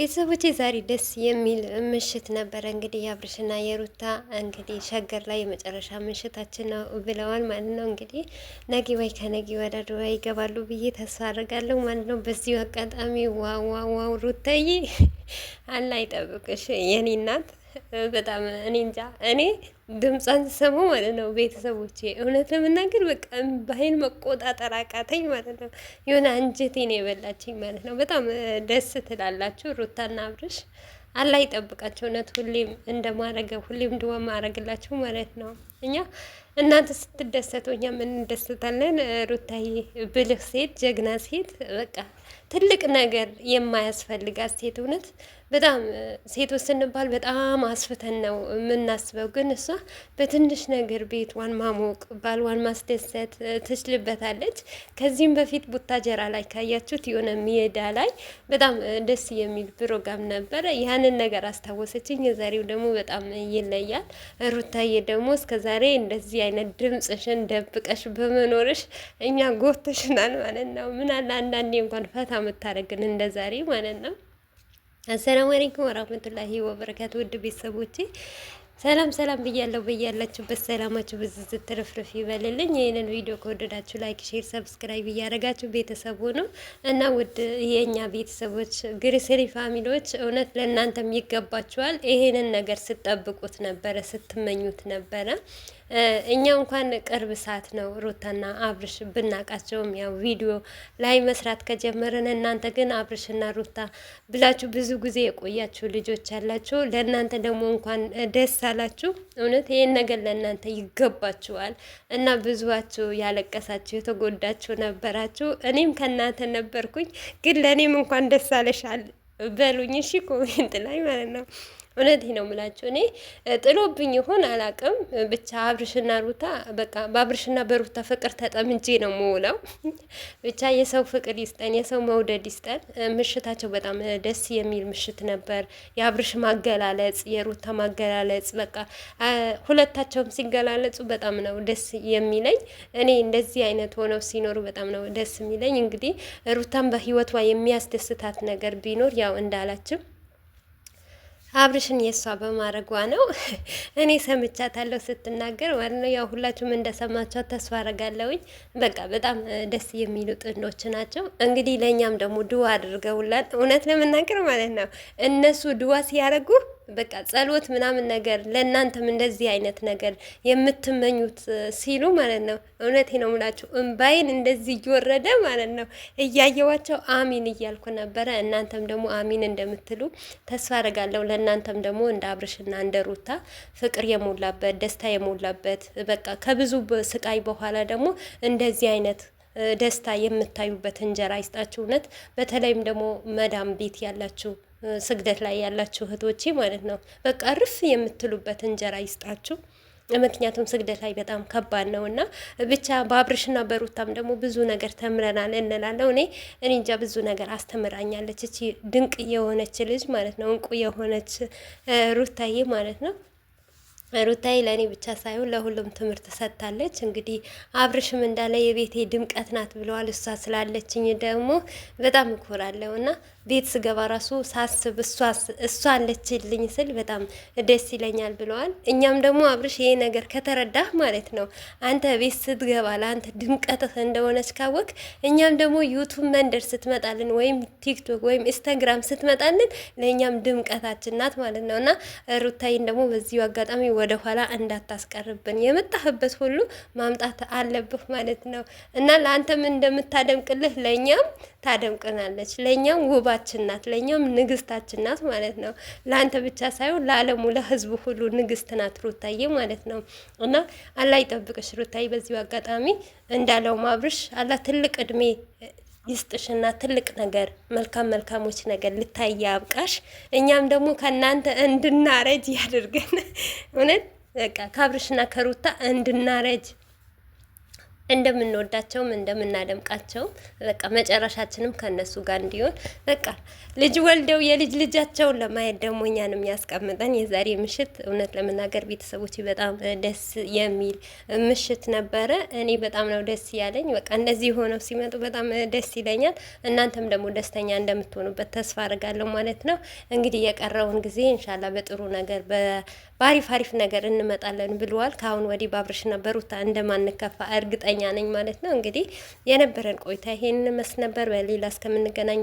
ቤተሰቦች ዛሬ ደስ የሚል ምሽት ነበረ። እንግዲህ የአብርሽና የሩታ እንግዲህ ሸገር ላይ የመጨረሻ ምሽታችን ነው ብለዋል ማለት ነው። እንግዲህ ነገ ወይ ከነገ ወዲያ ድባይ ይገባሉ ብዬ ተስፋ አድርጋለሁ ማለት ነው። በዚሁ አጋጣሚ ዋዋዋው ሩታዬ አላ ይጠብቅሽ የኔ እናት በጣም እኔ እንጃ እኔ ድምጿን ስሰሙ ማለት ነው ቤተሰቦቼ፣ እውነት ለመናገር በቃ እምባዬን መቆጣጠር አቃተኝ ማለት ነው። የሆነ አንጀቴን የበላችኝ ማለት ነው። በጣም ደስ ትላላችሁ ሩታና አብርሽ፣ አላህ ይጠብቃቸው። እውነት ሁሌም እንደማረገ ሁሌም ድዋ ማረግላቸው ማለት ነው። እኛ እናንተ ስትደሰቱ እኛም እንደሰታለን። ሩታዬ ብልህ ሴት፣ ጀግና ሴት፣ በቃ ትልቅ ነገር የማያስፈልጋት ሴት። እውነት በጣም ሴቶች ስንባል በጣም አስፍተን ነው የምናስበው፣ ግን እሷ በትንሽ ነገር ቤቷን ማሞቅ፣ ባልዋን ማስደሰት ትችልበታለች። ከዚህም በፊት ቡታጀራ ላይ ካያችሁት የሆነ ሜዳ ላይ በጣም ደስ የሚል ፕሮግራም ነበረ። ያንን ነገር አስታወሰችኝ። የዛሬው ደግሞ በጣም ይለያል። ሩታዬ ደግሞ እስከዛ ዛሬ እንደዚህ አይነት ድምፅሽን ደብቀሽ በመኖርሽ እኛ ጎትሽናል ማለት ነው። ምን አለ አንዳንዴ እንኳን ፈታ የምታደርግን እንደ ዛሬ ማለት ነው። አሰላሙ አለይኩም ወራህመቱላሂ ወበረካቱ ውድ ቤተሰቦቼ ሰላም ሰላም ብያለሁ። በያላችሁበት ሰላማችሁ ብዙ ዝትርፍርፍ ይበልልኝ። ይህንን ቪዲዮ ከወደዳችሁ ላይክ፣ ሼር፣ ሰብስክራይብ እያደረጋችሁ ቤተሰቡ ነው እና ውድ የእኛ ቤተሰቦች ግሪሰሪ ፋሚሊዎች እውነት ለእናንተም ይገባችኋል። ይሄንን ነገር ስትጠብቁት ነበረ፣ ስትመኙት ነበረ። እኛ እንኳን ቅርብ ሰዓት ነው ሩታና አብርሽ ብናቃቸውም ያው ቪዲዮ ላይ መስራት ከጀመረን፣ እናንተ ግን አብርሽና ሩታ ብላችሁ ብዙ ጊዜ የቆያችሁ ልጆች አላችሁ። ለእናንተ ደግሞ እንኳን ደስ ካላችሁ እውነት ይህን ነገር ለእናንተ ይገባችኋል እና ብዙዋችሁ ያለቀሳችሁ የተጎዳችሁ ነበራችሁ። እኔም ከእናንተ ነበርኩኝ። ግን ለእኔም እንኳን ደስ አለሻል በሉኝ። እሺ ኮሜንት ላይ ማለት ነው። እውነት ነው ምላቸው። እኔ ጥሎብኝ ይሆን አላቅም። ብቻ አብርሽና ሩታ በቃ በአብርሽና በሩታ ፍቅር ተጠምጄ ነው የምውለው። ብቻ የሰው ፍቅር ይስጠን፣ የሰው መውደድ ይስጠን። ምሽታቸው በጣም ደስ የሚል ምሽት ነበር። የአብርሽ ማገላለጽ፣ የሩታ ማገላለጽ በቃ ሁለታቸውም ሲገላለጹ በጣም ነው ደስ የሚለኝ። እኔ እንደዚህ አይነት ሆነው ሲኖሩ በጣም ነው ደስ የሚለኝ። እንግዲህ ሩታን በህይወቷ የሚያስደስታት ነገር ቢኖር ያው እንዳላችም አብርሽን የእሷ በማድረጓ ነው። እኔ ሰምቻታለሁ ስትናገር ማለት ነው። ያው ሁላችሁም እንደሰማቸው ተስፋ አረጋለሁኝ። በቃ በጣም ደስ የሚሉ ጥንዶች ናቸው። እንግዲህ ለእኛም ደግሞ ድዋ አድርገውላል። እውነት ለመናገር ማለት ነው እነሱ ድዋ ሲያደርጉ በቃ ጸሎት ምናምን ነገር ለእናንተም እንደዚህ አይነት ነገር የምትመኙት ሲሉ ማለት ነው። እውነቴ ነው ምላቸው እምባይን እንደዚህ እየወረደ ማለት ነው እያየዋቸው አሚን እያልኩ ነበረ። እናንተም ደግሞ አሚን እንደምትሉ ተስፋ አደርጋለሁ። ለእናንተም ደግሞ እንደ አብርሽና እንደ ሩታ ፍቅር የሞላበት ደስታ የሞላበት በቃ ከብዙ ስቃይ በኋላ ደግሞ እንደዚህ አይነት ደስታ የምታዩበት እንጀራ ይስጣችሁ። እውነት በተለይም ደግሞ መዳም ቤት ያላችሁ ስግደት ላይ ያላችሁ እህቶቼ ማለት ነው። በቃ ርፍ የምትሉበት እንጀራ ይስጣችሁ። ምክንያቱም ስግደት ላይ በጣም ከባድ ነው እና ብቻ በአብርሽና በሩታም ደግሞ ብዙ ነገር ተምረናል እንላለው። እኔ እኔ እንጃ ብዙ ነገር አስተምራኛለች እቺ ድንቅ የሆነች ልጅ ማለት ነው፣ እንቁ የሆነች ሩታዬ ማለት ነው። ሩታዬ ለእኔ ብቻ ሳይሆን ለሁሉም ትምህርት ሰጥታለች። እንግዲህ አብርሽም እንዳለ የቤቴ ድምቀት ናት ብለዋል። እሷ ስላለችኝ ደግሞ በጣም እኮራለሁ እና ቤት ስገባ ራሱ ሳስብ እሷ አለችልኝ ስል በጣም ደስ ይለኛል ብለዋል። እኛም ደግሞ አብርሽ ይሄ ነገር ከተረዳህ ማለት ነው አንተ ቤት ስትገባ ለአንተ ድምቀትህ እንደሆነች ካወቅ እኛም ደግሞ ዩቱብ መንደር ስትመጣልን ወይም ቲክቶክ ወይም ኢንስታግራም ስትመጣልን ለእኛም ድምቀታችን ናት ማለት ነው። እና ሩታይን ደግሞ በዚሁ አጋጣሚ ወደኋላ እንዳታስቀርብን የመጣህበት ሁሉ ማምጣት አለብህ ማለት ነው እና ለአንተም እንደምታደምቅልህ ለእኛም ታደምቅናለች ለእኛም ውባ ንጉሳችን ናት፣ ለእኛም ንግስታችን ናት ማለት ነው። ለአንተ ብቻ ሳይሆን ለዓለሙ ለህዝቡ ሁሉ ንግስት ናት ሩታዬ ማለት ነው። እና አላህ ይጠብቅሽ ሩታዬ። በዚሁ አጋጣሚ እንዳለው ማብርሽ አላህ ትልቅ እድሜ ይስጥሽና ትልቅ ነገር መልካም መልካሞች ነገር ልታይ ያብቃሽ። እኛም ደግሞ ከእናንተ እንድናረጅ ያድርገን። እውነት በቃ ከአብርሽና ከሩታ እንድናረጅ እንደምንወዳቸውም እንደምናደምቃቸውም በቃ መጨረሻችንም ከነሱ ጋር እንዲሆን በቃ ልጅ ወልደው የልጅ ልጃቸውን ለማየት ደግሞ እኛንም ያስቀምጠን። የዛሬ ምሽት እውነት ለመናገር ቤተሰቦች በጣም ደስ የሚል ምሽት ነበረ። እኔ በጣም ነው ደስ ያለኝ። በቃ እንደዚህ ሆነው ሲመጡ በጣም ደስ ይለኛል። እናንተም ደግሞ ደስተኛ እንደምትሆኑበት ተስፋ አድርጋለሁ ማለት ነው። እንግዲህ የቀረውን ጊዜ እንሻላ በጥሩ ነገር በአሪፍ አሪፍ ነገር እንመጣለን ብለዋል። ከአሁን ወዲህ በአብርሽና ነበሩታ እንደማንከፋ እርግጠኛ እርግጠኛ ነኝ ማለት ነው። እንግዲህ የነበረን ቆይታ ይሄን መስ ነበር። በሌላ እስከምንገናኝ